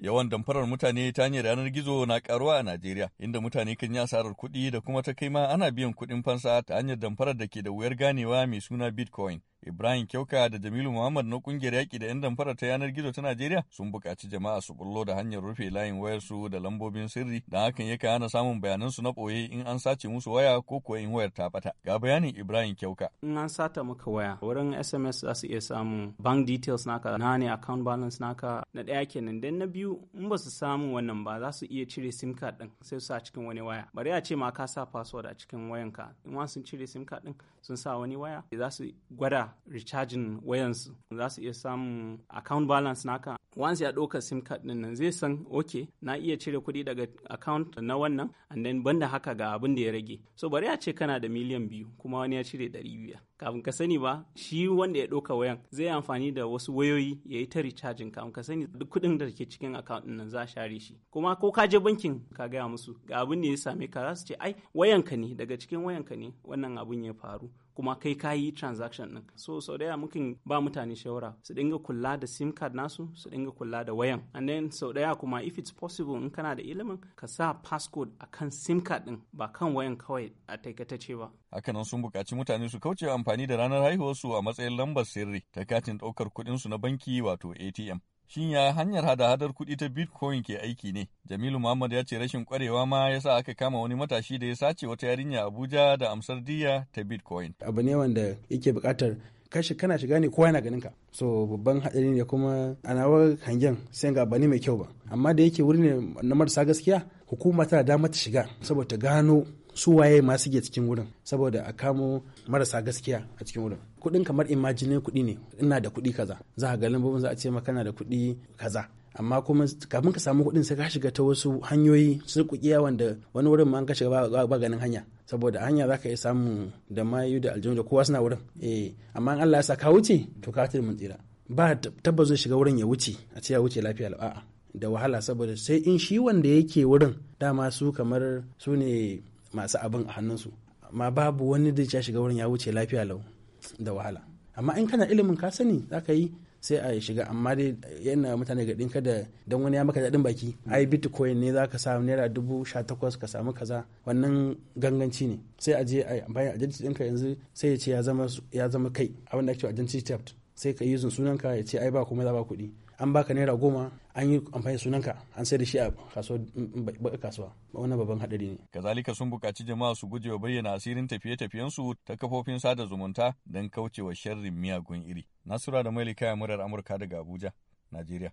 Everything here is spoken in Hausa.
Yawan damfarar mutane ta hanyar yanar gizo na karuwa a Najeriya, inda mutane kan yi asarar kuɗi da kuma ta kai ma ana biyan kuɗin fansa ta hanyar damfarar da ke da wuyar ganewa mai suna Bitcoin. Ibrahim Kyauka da Jamilu Muhammad na kungiyar yaƙi da 'yan damfara ta yanar gizo ta Najeriya sun buƙaci jama'a su bullo da hanyar rufe layin wayarsu da lambobin sirri da hakan yake hana samun bayanansu na ɓoye in an sace musu waya ko kuwa in wayar ta ɓata. Ga bayanin Ibrahim Kyauka. In an sata maka waya wurin SMS za su iya samun bank details naka na ne account balance naka na ɗaya kenan dan na biyu in ba su samu wannan ba za su iya cire sim card ɗin sai su sa cikin wani waya. Bari a ce ma ka sa password a cikin wayanka in sun cire sim card ɗin sun sa wani waya za su gwada recharging wayansu za su iya samun account balance naka once ya ɗauka sim card ɗin nan zai san ok na iya cire kuɗi daga account na wannan and then banda haka ga abin da ya rage so bari a ce kana da miliyan biyu kuma wani ya cire ɗari biyar kafin ka sani ba shi wanda ya ɗauka wayan zai amfani da wasu wayoyi ya yi ta recharge kafin ka sani duk kuɗin da ke cikin account ɗin nan za a share shi kuma ko ka je bankin ka gaya musu ga abin da ya same ka za su ce ai wayanka ne daga cikin wayanka ne wannan abin ya faru kuma kai ka yi transaction ɗin so sau da yawa mukan ba mutane shawara su dinga kula da sim card nasu su dinga kula da wayan and then sau da yawa kuma if it's possible in kana da ilimin ka sa passcode akan sim card din ba kan wayan kawai a taikatace ba hakanan sun buƙaci mutane su kauce amfani da ranar haihuwarsu a matsayin lambar sirri ta katin ɗaukar kuɗinsu na banki wato atm Shin ya hanyar hada-hadar kuɗi ta Bitcoin ke aiki ne? Jamilu Muhammad ya ce rashin kwarewa ma ya sa aka kama wani matashi da ya sace wata yarinya Abuja da amsar diya ta Bitcoin. Abu ne wanda yake bukatar kashi kana shiga ne kowa yana ganin ka so babban haɗari ne kuma a hangen sai ga bani mai kyau ba amma da yake wuri ne na marasa gaskiya hukuma tana damar ta shiga saboda gano su waye ma suke cikin wurin saboda a kamo marasa gaskiya a cikin wurin kuɗin kamar imajinin kuɗi ne ina da kuɗi kaza za a ga lambobin za a ce maka na da kuɗi kaza amma kuma kafin ka samu kuɗin sai ka shiga ta wasu hanyoyi su kukiya wanda wani wurin ma an ka shiga ba ganin hanya saboda hanya za ka iya samu da mayu da aljanu da kowa suna wurin eh amma Allah ya sa ka wuce to ka mun tsira ba tabbas zai shiga wurin ya wuce a ce ya wuce lafiya a'a da wahala saboda sai in shi wanda yake wurin dama su kamar su ne masu abin a hannunsu amma babu wani da ya shiga wurin ya wuce lafiya lau da wahala amma in kana ilimin ka sani za ka yi sai a shiga amma dai yana mutane ga ɗinka da don wani ya maka daɗin baki ai bitcoin ne za ka samu naira dubu sha takwas ka samu kaza wannan ganganci ne sai a je a bayan ajanci ɗinka yanzu sai ya ce ya zama kai abin da ake cewa ajanci theft sai ka yi sun sunanka ya ce ai ba kuma za ba kuɗi an baka naira goma an yi amfani da sunanka an sai da shi a mm, kasuwa wannan babban hadari ne kazalika sun buƙaci jama'a su gujewa bayyana asirin tafiye-tafiyensu ta kafofin sada zumunta don kaucewa sharrin miyagun iri nasura da mailika murar amurka daga abuja najeriya